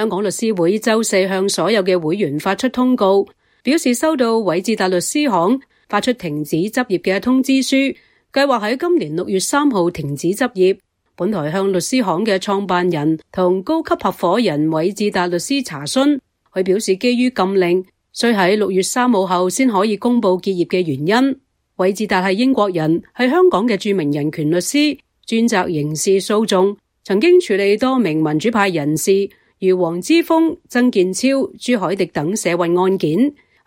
香港律師會周四向所有嘅會員發出通告，表示收到韋智達律師行發出停止執業嘅通知書，計劃喺今年六月三號停止執業。本台向律師行嘅創辦人同高級合夥人韋智達律師查詢，佢表示基於禁令，需喺六月三號後先可以公布結業嘅原因。韋智達係英國人，係香港嘅著名人權律師，專責刑事訴訟，曾經處理多名民主派人士。如黃之鋒、曾健超、朱凱迪等社運案件，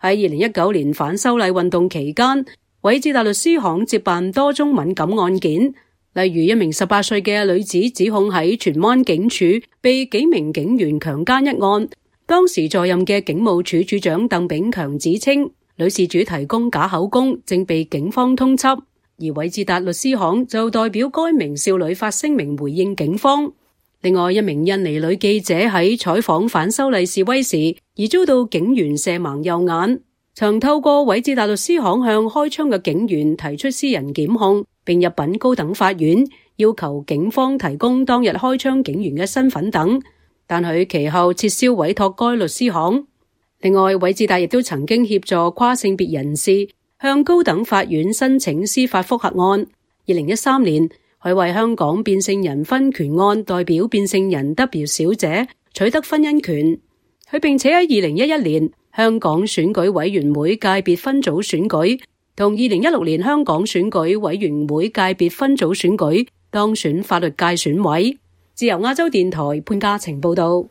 喺二零一九年反修例運動期間，韋智達律師行接辦多宗敏感案件，例如一名十八歲嘅女子指控喺荃灣警署被幾名警員強姦一案，當時在任嘅警務處處長鄧炳強指稱女事主提供假口供，正被警方通緝，而韋智達律師行就代表該名少女發聲明回應警方。另外一名印尼女記者喺採訪反修例示威時，而遭到警員射盲右眼，曾透過韋智達律師行向開槍嘅警員提出私人檢控，並入稟高等法院，要求警方提供當日開槍警員嘅身份等。但佢其後撤銷委託該律師行。另外，韋智達亦都曾經協助跨性別人士向高等法院申請司法複核案，二零一三年。佢為香港變性人婚權案代表變性人 W 小姐取得婚姻權，佢並且喺二零一一年香港選舉委員會界別分組選舉同二零一六年香港選舉委員會界別分組選舉當選法律界選委。自由亞洲電台潘嘉晴報道。